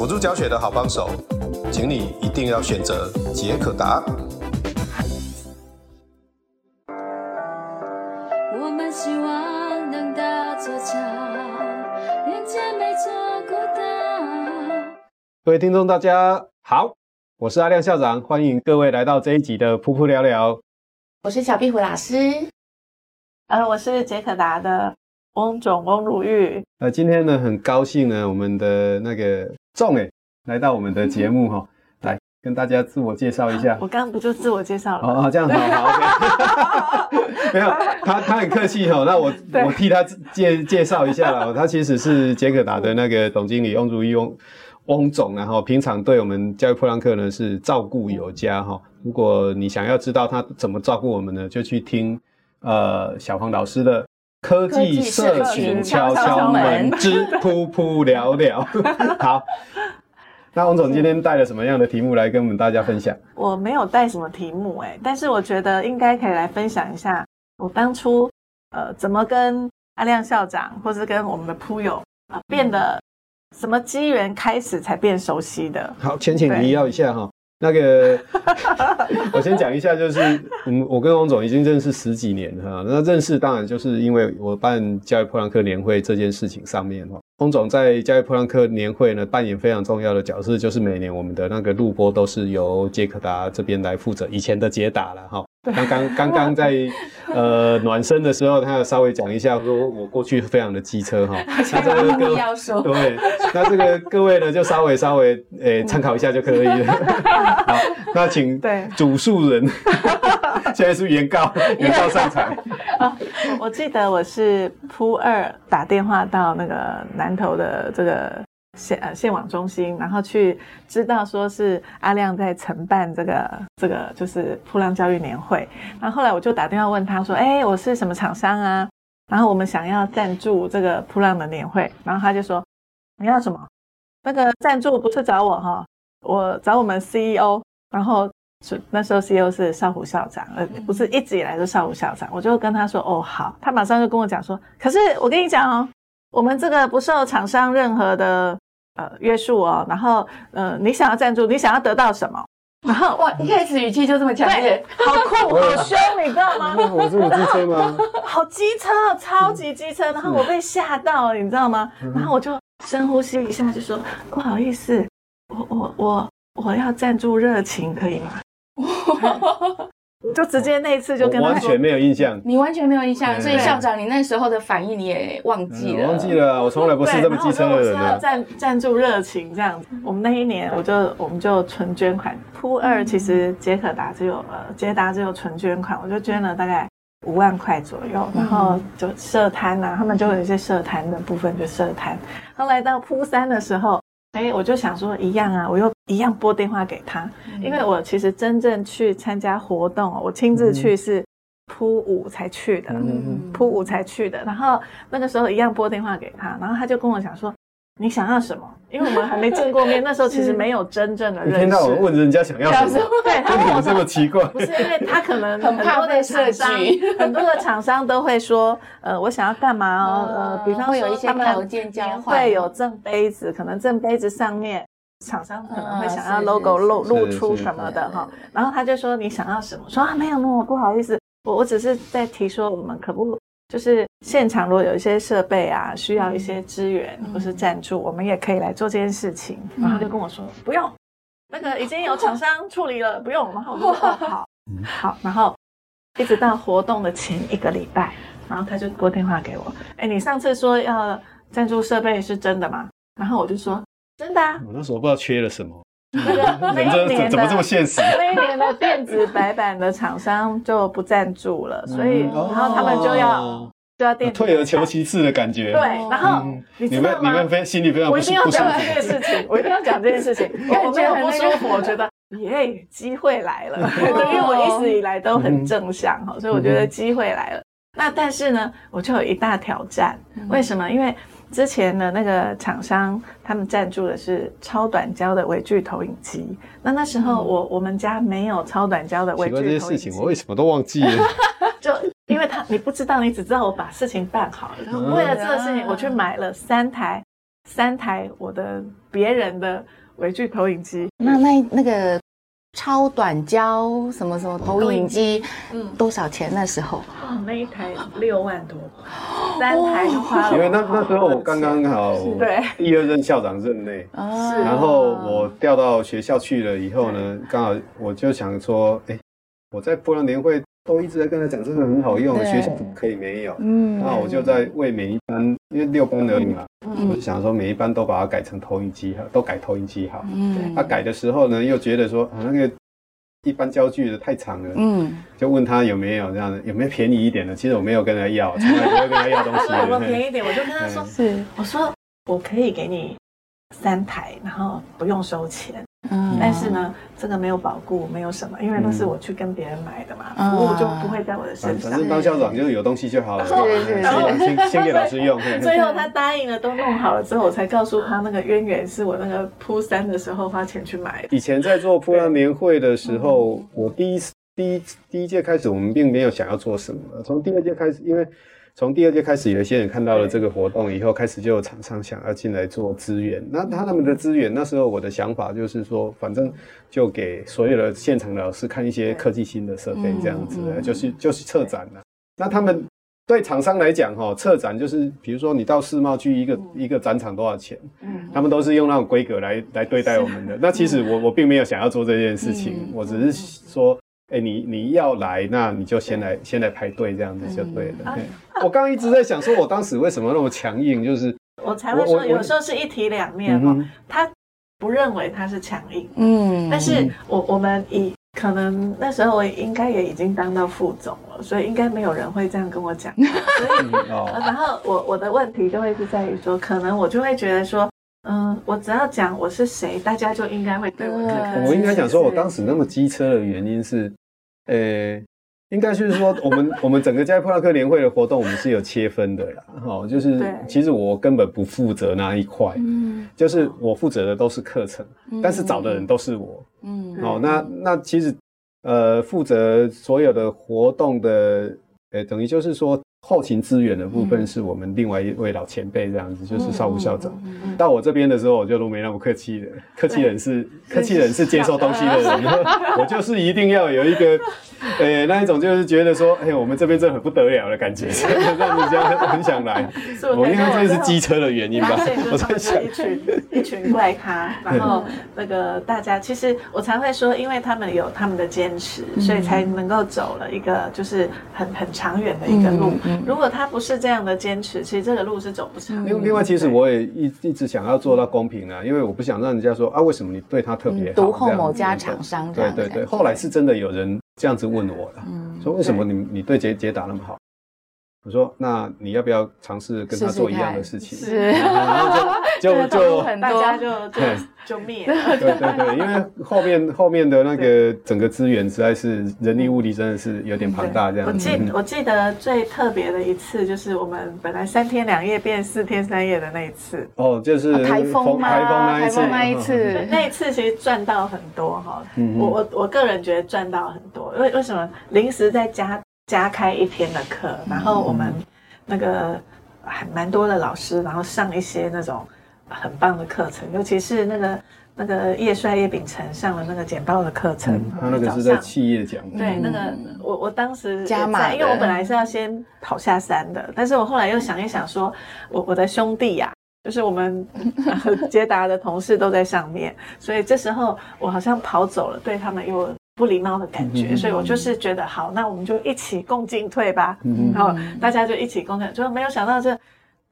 輔助教學的好幫手，請你一定要選擇傑可達。我們希望能搭座橋，連接每座孤島。各位聽眾，大家好，我是阿亮校長，歡迎各位來到這一集的噗噗聊聊。我是小壁虎老師。呃、啊，我是傑可達的翁總翁如玉。呃，今天呢，很高興呢，我們的那個。送哎，來到我們的節目哈、嗯，來跟大家自我介紹一下。我剛剛不就自我介紹了？哦、oh, oh, 這樣好，好 okay、 沒有他，他很客氣哈、 哦。那我我替他介介紹一下了、哦。他其實是傑可達的那個總經理翁如玉翁總，然後平常對我們教育噗浪客呢是照顧有加哈、哦嗯。如果你想要知道他怎麼照顧我們呢，就去聽呃小黃老師的。科技社群敲敲門之噗噗聊聊 好。那翁總今天帶了什麼樣的題目來跟我們大家分享？我沒有帶什麼題目哎，但是我覺得應該可以來分享一下我當初呃怎麼跟阿亮校長，或是跟我們的噗友啊變得什麼機緣開始才變熟悉的。好，淺淺提要一下哈。那個，我先講一下，就是，嗯，我跟翁總已經認識十幾年了，那認識當然就是因為我辦教育噗浪客年會這件事情上面，哈，翁總在教育噗浪客年會呢扮演非常重要的角色，就是每年我們的那個錄播都是由傑可達這邊來負責，以前的傑達了哈，剛剛剛剛在。呃，暖身的時候，他要稍微講一下，說我過去非常的機車哈，各 位、這個，那這個各位呢就稍微稍微誒參、欸、考一下就可以了。 好，那請對主訴人， 現在是原告，原告上台。啊、 yeah，我記得我是鋪二打電話到那個南投的這個。線呃線網中心，然後去知道說是阿亮在承辦這個這個就是噗浪教育年會，然後，後來我就打電話問他說，哎、欸，我是什麼廠商啊？然後我們想要贊助這個噗浪的年會，然後他就說你要什麼？那個贊助不是找我哈、哦，我找我們 CEO，然後是那時候 CEO 是少虎校長，呃，不是一直以來是少虎校長，我就跟他說哦好，他馬上就跟我講說，可是我跟你講哦。我們這個不受廠商任何的呃約束哦，然後呃，你想要贊助，你想要得到什麼？然後哇，一開始語氣就這麼強烈， 好酷， 好兇， 你知道嗎？好機車嗎？好機車，超級機車！然後我被嚇到了， 你知道嗎？然後我就深呼吸一下，就說 不好意思，我我我我要贊助熱情，可以嗎？ 就直接那一次就跟他說。完全沒有印象，你完全沒有印象，所以校長你那時候的反應你也忘記了，哎、我忘記了，我從來不是這麼記仇的人。我是要贊贊助熱情這樣子，我們那一年我就我們就純捐款，鋪、嗯、二其實傑可達只有呃傑達只有純捐款，我就捐了大概五萬塊左右，然後就社攤吶，他們就有一些社攤的部分就社攤。後來到鋪三的時候。誒、欸，我就想說一樣啊，我又一樣撥電話給他，嗯，因為我其實真正去參加活動，我親自去是撲五才去的，撲，嗯，五才去的。然後那個時候一樣撥電話給他，然後他就跟我講說。你想要什麼？因為我們還沒見過面， 那時候其實沒有真正的認識。你聽到我問人家想要什麼，說對他為什麼這麼奇怪？ 不是因為他可能很多的社區， 很多的廠商都會說，呃，我想要幹嘛、哦嗯，呃，比方說有一些條件交換，會有贈杯子，可能贈杯子上面廠商可能會想要 logo 露、露出什麼的哈、嗯。然後他就說，你想要什麼？說啊，沒有那麼不好意思，我我只是在提說我們可不。就是現場如果有一些設備啊，需要一些資源、嗯、或是贊助、嗯，我們也可以來做這件事情。然後他就跟我說、嗯、不用，那個已經有廠商處理了，不用。然後我說好、嗯，好。然後一直到活動的前一個禮拜，然後他就撥電話給我，哎、欸，你上次說要贊助設備是真的嗎？然後我就說、嗯、真的啊。我、哦、那時候不知道缺了什麼。這 一年的， 怎麼這麼現實 那一年的電子白板的廠商就不贊助了， 所以然後他們就要、哦、就要電退而求其次的感覺。對、 嗯，然後、嗯、你，你們你們非心裡非常不，我一定要講這件事情， 我一定要講這件事情， 我很有不舒服， 我覺得耶，機、 yeah, 會來了， 對，因為我一直以來都很正向哈、 嗯，所以我覺得機會來了、嗯。那但是呢，我就有一大挑戰，嗯、為什麼？因為。之前的那個廠商，他們贊助的是超短焦的微距投影機。那那時候我、嗯、我，我們家沒有超短焦的微距投影機。這些事情我為什麼都忘記了？ 就因為他，你不知道，你只知道我把事情辦好了。嗯、為了這個事情，我去買了三台三台我的別人的微距投影機。那那那個。超短焦什麼什麼投影機，嗯，多少錢那時候？嗯嗯嗯那，時候嗯、那一台六萬多，啊、三台花的花了。因為那那時候我剛剛好，對，第二任校長任內，然後我調到學校去了以後呢，啊、剛好我就想說，哎，我在噗浪年會。都一直在跟他講，真的很好用，學校怎麼可以沒有？嗯，那我就在為每一班，嗯、因為六班而已嘛、嗯，我就想說每一班都把它改成投影機哈、嗯，都改投影機哈。嗯，他、啊、改的時候呢，又覺得說啊那個一般焦距的太長了。嗯，就問他有沒有這樣的，有沒有便宜一點的？其實我沒有跟他要，從來不會跟他要東西。我 說便宜點，我就跟他說是，我說我可以給你三台，然後不用收錢。但是呢、嗯，這個沒有保固，沒有什麼，因為都是我去跟別人買的嘛，服、嗯、務就不會在我的身上。反、啊、正當校長就是有東西就好了。對，啊對嗯、對先先給老師用。 最後他答應了，都弄好了之後，我才告訴他那個淵源是我那個鋪三的時候花錢去買的。以前在做噗浪年會的時候，我第一第一第一屆開始，我們並沒有想要做什麼。從第二屆開始，因為。從第二屆開始，有一些人看到了這個活動以後，開始就有廠商想要進來做資源。那他們的資源，那時候我的想法就是說，反正就給所有的現場的老師看一些科技新的設備，這樣子就是就是策展了啊。那他們對廠商來講，哈，策展就是比如說你到世貿去一個一個展場多少錢，他們都是用那種規格來來對待我們的。那其實我我並沒有想要做這件事情，我只是說。哎，你你要來，那你就先來，先來排隊，這樣子就對了、嗯啊。我剛剛一直在想說我當時為什麼那麼強硬，就是我才會說，有時候是一體兩面嘛。他不認為他是強硬，嗯，但是我我們以可能那時候我應該也已經當到副總了，所以應該沒有人會這樣跟我講。 所以、嗯哦，然後我我的問題就會是在於說，可能我就會覺得說，嗯，我只要講我是誰，大家就應該會對我可可對、啊。我應該講說我當時那麼機車的原因是。呃、欸，應該就是說，我們 我們整個教育噗浪客年會的活動，我們是有切分的啦。好、 哦，就是其實我根本不負責那一塊，嗯，就是我負責的都是課程、嗯，但是找的人都是我，嗯，好、嗯哦，那那其實呃，負責所有的活動的，哎、欸，等於就是說。後勤資源的部分是我們另外一位老前輩這樣子，嗯、就是邵武校長、嗯嗯嗯、到我這邊的時候，我就都沒那麼客氣了，客氣人是客氣人是接受東西的人的，我就是一定要有一個，誒、 欸，那一種就是覺得說，哎、欸，我們這邊真的很不得了的感覺，讓 很想來。 我，我應該這是機車的原因吧？我，我，我在想、就是、一群 一群怪咖，然後那個大家其實我才會說，因為他們有他們的堅持、嗯，所以才能夠走了一個就是很很長遠的一個路。嗯嗯如果他不是這樣的堅持，其實這個路是走不長的。另外，其實我也一一直想要做到公平的、啊嗯，因為我不想讓人家說啊，為什麼你對他特別好？獨、厚、某家廠商的、嗯？對對對，對，對，後來是真的有人這樣子問我的，說為什麼你你對傑傑可達那麼好？嗯我說，那你要不要嘗試跟他做一樣的事情？是，然後就就 就， 就 大家就就 就滅了。 對對對，因為後面後面的那個整個資源實在是人力物力真的是有點龐大這樣子。我記我記得最特別的一次就是我們本來三天兩夜變四天三夜的那一次。哦，就是颱風嗎？台風那一次，那一次，那一次其實賺到很多哈、嗯。我我我個人覺得賺到很多，因為為什麼臨時再加。加開一天的課，然後我們那個還蠻多的老師，然後上一些那種很棒的課程，尤其是那個那個葉帥葉秉成上了那個簡報的課程，嗯、他那個是在企業講，嗯、對那個我我當時加滿，因為我本來是要先跑下山的，但是我後來又想一想說，我我的兄弟呀、啊，就是我們捷達、 啊、的同事都在上面，所以這時候我好像跑走了，對他們又。不禮貌的感覺、嗯，所以我就是覺得好，那我們就一起共進退吧、嗯。然後大家就一起共進，就沒有想到這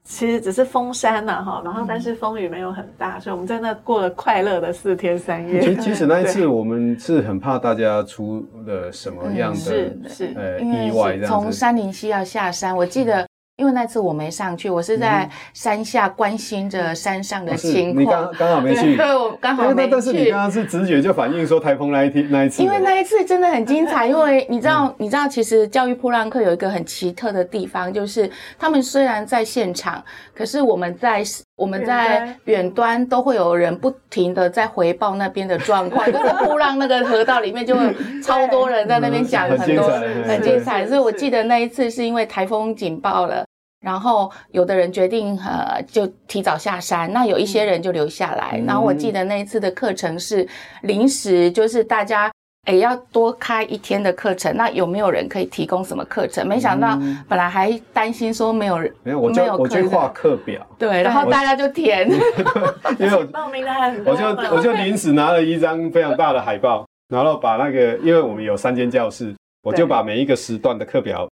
其實只是封山了、啊、哈。然後但是風雨沒有很大，嗯、所以我們在那過了快樂的四天三夜。其實，其實那一次我們是很怕大家出了什麼樣的、嗯、是，是呃是意外這樣子，從三林溪要下山，我記得。因為那次我沒上去，我是在山下關心着山上的情況。嗯哦、你剛剛好沒去， 對，我剛好沒去。但是你剛剛是直覺就反應說台風那一那一次。因為那一次真的很精彩， 因為你知道， 你知道， 你知道其實教育噗浪客有一個很奇特的地方，就是他們雖然在現場，可是我們在。我們在遠端都會有人不停的在回報那邊的狀況， 就是噗浪那個河道裡面就有超多人在那邊講很多 很精彩，很精彩，很精彩。所以我記得那一次是因為台風警報了，然後有的人決定呃就提早下山，那有一些人就留下來。嗯、然後我記得那一次的課程是臨時，就是大家。要多開一天的課程，那有沒有人可以提供什麼課程？嗯、沒想到，本來還擔心說沒有人，沒有，我就沒有我去畫課表對，對，然後大家就填，我 對 因為我報名的很我就我就臨時拿了一張非常大的海報，然後把那個，因為我們有三間教室， 我就把每一個時段的課表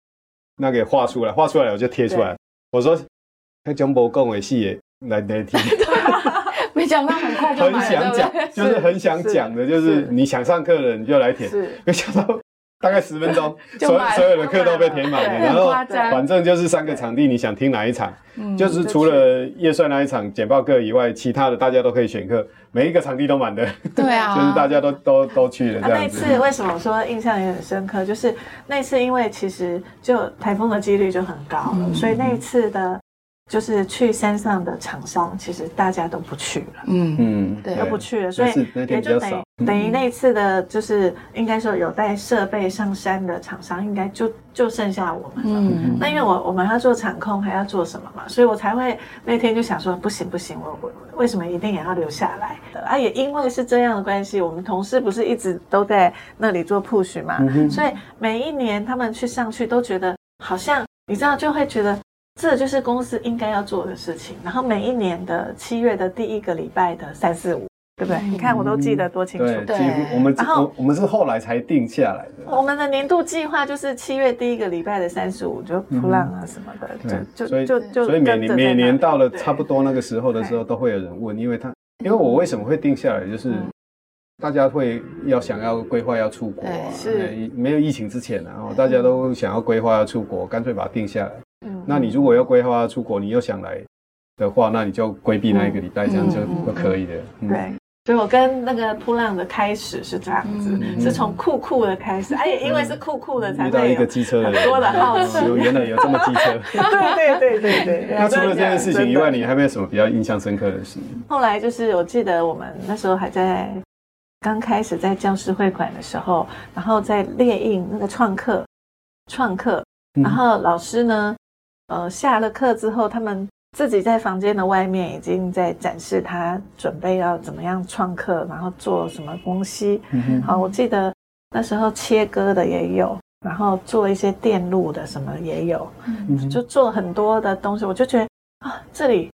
那給、個、畫出來，畫出來我就貼出來，我說，那中國工委系列來，來聽。 沒想到很快就滿了，很想講，對對，就是很想講的，就是你想上課了你就來填是。是，沒想到大概十分鐘，就所就所有的課都被填滿了，了。然後反正就是三個場地，你想聽哪一場？就是除了葉帥那一場簡報課以外，其他的大家都可以選課，每一個場地都滿的。對啊。 就是大家都都都去了。這樣子。啊，那一次為什麼說印象也很深刻？就是那次因為其實就颱風的幾率就很高了，嗯，所以那一次的。就是去山上的廠商，其實大家都不去了。嗯嗯，對，都不去了，所以也就等於等於那一次的，就是應該說有帶設備上山的廠商，應該就就剩下我們了。嗯，那因為我我們要做場控，還要做什麼嘛？所以我才會那天就想說，不行不行，我我，我為什麼一定也要留下來？呃，啊，也因為是這樣的關係，我們同事不是一直都在那裡做 push 嘛？所以每一年他們去上去都覺得好像你知道，就會覺得。這就是公司應該要做的事情。然後每一年的七月的第一個禮拜的三、四、五，對不對？你看我都記得多清楚。嗯、對，對，幾乎我們。幾乎，我們是後來才定下來的。嗯、我們的年度計劃就是七月第一個禮拜的三四五就噗浪啊什麼的，嗯、就對就就對就，就，就。所以每每年到了差不多那個時候的時候，都會有人問，因為他因為我為什麼會定下來，就是大家會要想要規劃要出國、啊，是沒有疫情之前啊，大家都想要規劃要出國，乾脆把它定下來。嗯、那你如果要規劃出國，你又想來的話，那你就規避那一個禮拜，嗯，這樣就都可以的，嗯嗯嗯。對，所以我跟那個噗浪的開始是這樣子，嗯、是從酷酷的開始，哎，因為是酷酷的才，嗯，才遇到一個機車人多的好奇。 原來有這麼機車。 對對對對對。那除了這件事情以外，你還沒有什麼比較印象深刻的事情？後來就是我記得我們那時候還在剛開始在教室匯款的時候，然後在列印那個創客創客，然後老師呢。嗯呃，下了課之後，他們自己在房間的外面已經在展示他準備要怎麼樣創客，然後做什麼東西、嗯。好，我記得那時候切割的也有，然後做一些電路的什麼也有，嗯、就做很多的東西。我就覺得啊，這裡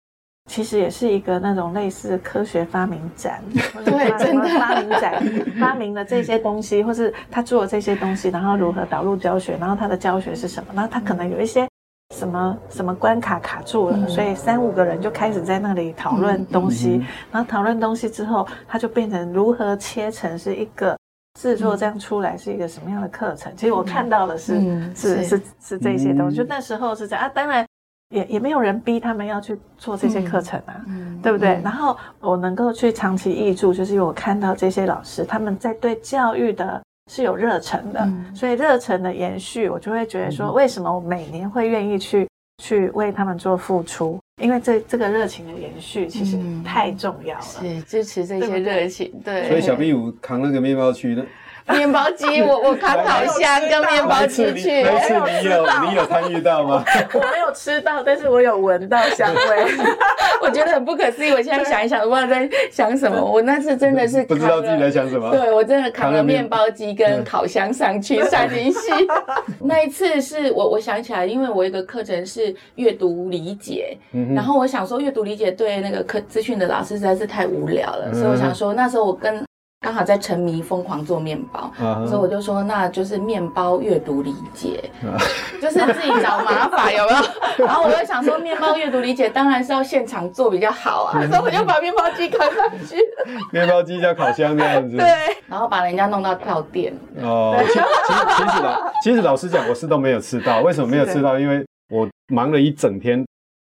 其實也是一個那種類似科學發明展， 對，發明展 發明了這些東西，或是他做了這些東西，然後如何導入教學，然後他的教學是什麼？然後他可能有一些。什麼什麼關卡卡住了、嗯，所以三五個人就開始在那裡討論東西、嗯嗯嗯，然後討論東西之後，他就變成如何切成是一個制作這樣出來是一個什麼樣的課程。嗯、其實我看到的是、嗯、是是是，是，是這些東西、嗯，就那時候是這樣啊，當然也也沒有人逼他們要去做這些課程啊，嗯嗯、對不對、嗯嗯？然後我能夠去長期挹注，就是因為我看到這些老師他們在對教育的。是有熱忱的，嗯、所以熱忱的延續，我就會覺得說，為什麼我每年會願意去、嗯、去為他們做付出？因為這這個熱情的延續其實太重要了，嗯、是支持這些熱情對對。對，所以小壁虎扛那個麵包區呢？ 麵包機我，我我扛烤箱跟麵包機去，不是，你，你，你有 你有參與到嗎我？我沒有吃到，但是我有聞到香味， 我覺得很不可思議。我現在想一想， 我不知道在想什麼。我那次真的是扛了不知道自己在想什麼。對我真的扛了麵包機跟烤箱上去上進去 那一次是我我想起來，因為我一個課程是閱讀理解，嗯、然後我想說閱讀理解對那個課資訊的老師實在是太無聊了，嗯、所以我想說那時候我跟。剛好在沉迷瘋狂做麵包，uh -huh. 所以我就說，那就是麵包閱讀理解，uh -huh. 就是自己找麻煩 有沒有？然後我就想說，麵包閱讀理解當然是要現場做比較好啊， 所以我就把麵包機扛上去， 麵包機加烤箱那樣子， 對，然後把人家弄到跳電。哦、oh,，其實其實其實老實講，我是都沒有吃到， 為什麼沒有吃到？因為我忙了一整天，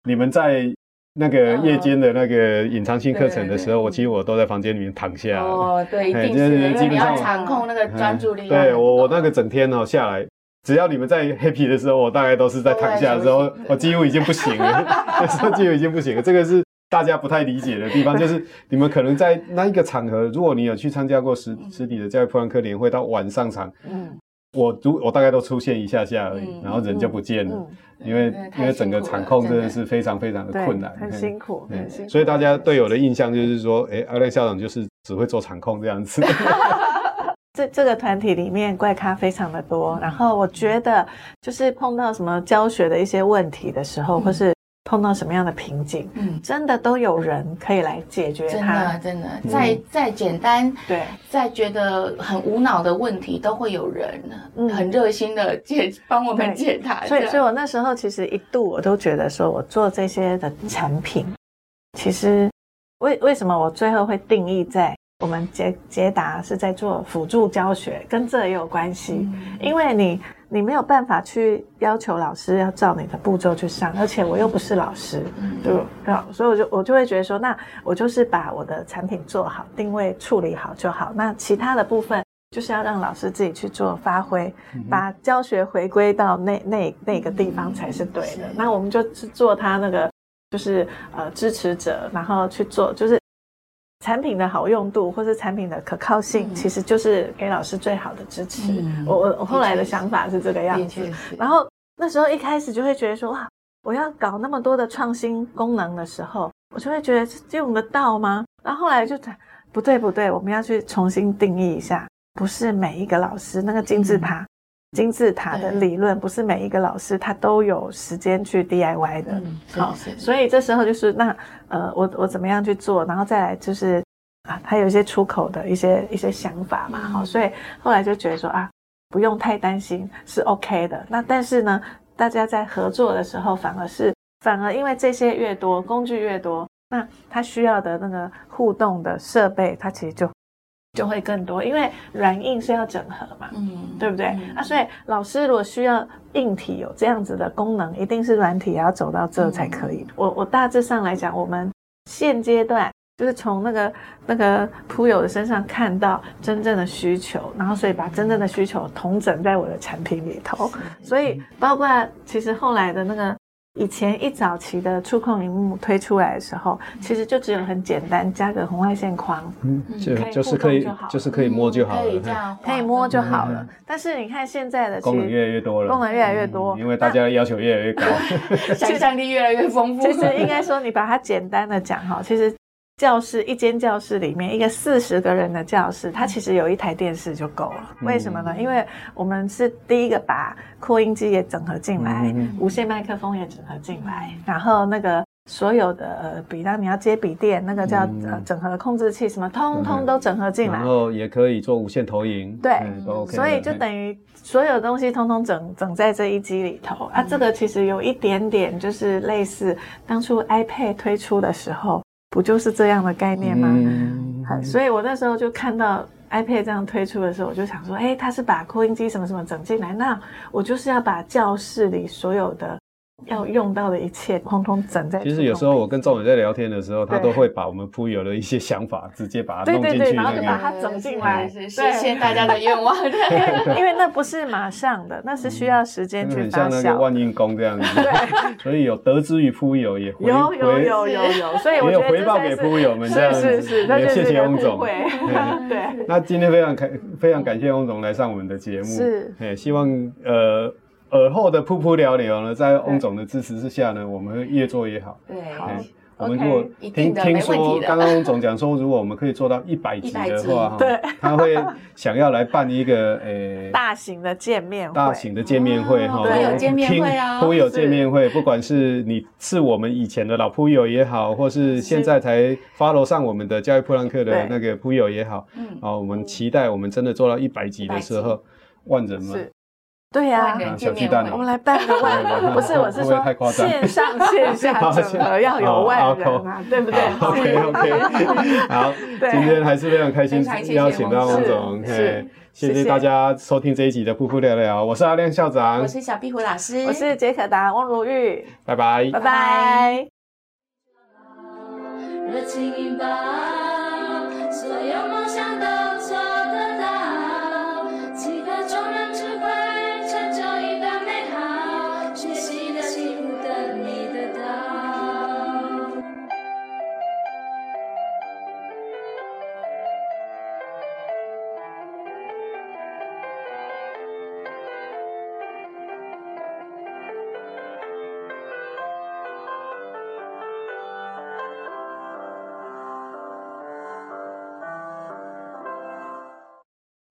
你們在。那個夜間的那個隱藏性課程的時候，嗯、我其實我都在房間裡面躺下。哦，對，一定是因基本上，因為你要掌控那個專注力、嗯。對我，我那個整天呢、哦、下來，只要你們在 happy 的時候，我大概都是在躺下的時候，我幾乎已經不行了，上 幾乎已經不行了。這個是大家不太理解的地方， 就是你們可能在那一個場合，如果你有去參加過實實體的教育噗浪客年會到晚上場，嗯。我如我大概都出現一下下而已，嗯、然後人就不見了，嗯嗯、因為因為，因為整個場控真的是非常非常的困難，很辛苦，很辛苦，很辛苦。所以大家對我的印象就是說，哎，二、欸、類、欸、校長就是只會做場控這樣子哈哈 這。這這個團體裡面怪咖非常的多，然後我覺得就是碰到什麼教學的一些問題的時候，嗯、或是。碰到什麼樣的瓶頸，嗯，真的都有人可以來解決它，真的真的，嗯、再再簡單，對，再覺得很無腦的問題，都會有人、嗯、很熱心的解幫我們解答這樣。對，所以，所以我那時候其實一度我都覺得說，我做這些的產品，嗯、其實為為什麼我最後會定義在。我們傑可達是在做輔助教學，跟這也有關係，嗯、因為你你沒有辦法去要求老師要照你的步驟去上，而且我又不是老師，就、嗯、啊，所以我就我就會覺得說，那我就是把我的產品做好，定位處理好就好，那其他的部分就是要讓老師自己去做發揮，嗯、把教學回歸到那那那個地方才是對的。嗯、那我們就去做他那個，就是呃支持者，然後去做就是。產品的好用度，或是產品的可靠性，其實就是給老師最好的支持。我、嗯、我後來的想法是這個樣子，嗯。然後那時候一開始就會覺得說，哇，我要搞那麼多的創新功能的時候，我就會覺得用得到嗎？然後後來就講，不對不對，我們要去重新定義一下，不是每一個老師那個金字塔。嗯金字塔的理論，不是每一個老師他都有時間去 DIY 的。嗯，好，所以這時候就是那、呃，我我怎麼樣去做，然後再來就是啊，他有一些出口的一些一些想法嘛，嗯，好，所以後來就覺得說啊，不用太擔心是 OK 的，那但是呢，大家在合作的時候反而是反而，因為這些越多工具越多，那他需要的那個互動的設備，他其實就。就會更多，因為軟硬是要整合嘛，嗯，對不對、嗯？啊，所以老師如果需要硬體有這樣子的功能，一定是軟體也要走到這才可以。嗯、我我大致上來講，我們現階段就是從那個那個噗友的身上看到真正的需求，然後所以把真正的需求統整在我的產品裡頭、嗯，所以包括其實後來的那個。以前一早期的觸控熒幕推出來的時候，其實就只有很簡單，加個紅外線框，嗯，就就是可以，就是可以摸就好了、嗯，可以這樣，可以摸就好了。嗯、但是你看現在的功能越來越多了，嗯、功能越來越多，嗯、因為大家的要求越來越高，想象 力越來越豐富。其實應該說，你把它簡單的講好，其實。教室一間教室裡面一個四十個人的教室，它其實有一台電視就夠了，嗯。為什麼呢？因為我們是第一個把擴音機也整合進來，嗯，無線麥克風也整合進來，嗯，然後那個所有的呃筆，當你要接筆電，那個叫，嗯呃、整合控制器什麼，通通都整合進來，嗯嗯。然後也可以做無線投影。對，嗯都 OK，所以就等於所有的東西通通整整在這一機裡頭，嗯，啊。這個其實有一點點就是類似當初 iPad 推出的時候。嗯不就是這樣的概念嗎？嗯、所以，我那時候就看到 iPad 這樣推出的時候，我就想說，哎、欸，他是把擴音機什麼什麼整進來，那我就是要把教室裡所有的。要用到的一切，統統整在這。其實有時候我跟翁總在聊天的時候，他都會把我們噗友的一些想法，直接把它弄進去、那個。對然後就把它整進來，實、那、現、個那個、大家的願望。 因,為 因為那不是馬上的，那是需要時間去發酵。嗯那個、很像那個萬應公這樣子。 所以有得之於噗友也回 有，有有有有有，所以我覺得真的是是是，也謝謝翁總。 對, 對，那今天非常開，非常感謝翁總來上我們的節目。 是，哎，希望呃。爾後的噗噗聊聊呢，在翁總的支持之下呢，我們越做越好對。對，好。我們如果聽聽說剛剛翁總講說，如果我們可以做到一百集的話，喔，對，他會想要來辦一個誒、欸、 大型的見面會，大型的見面會哈、哦喔，對、噗友見面會啊，噗友見面會，不管是你是我們以前的老噗友也好，或是現在才 follow 上我們的教育噗浪客的那個噗友也好，嗯、喔，我們期待我們真的做到一百集的時候，萬人嘛。對呀、啊，小巨蛋、啊， 我們來辦個萬， 不是，我是說線上線下都要有萬人、啊 哦、對不對 ？OK OK 好。好， 今天還是非常開心，邀請到翁總，謝謝大家收聽這一集的“噗噗聊聊”。我是阿亮校長，我是小壁虎老師，我是傑可達翁如玉，拜拜，拜拜。Bye bye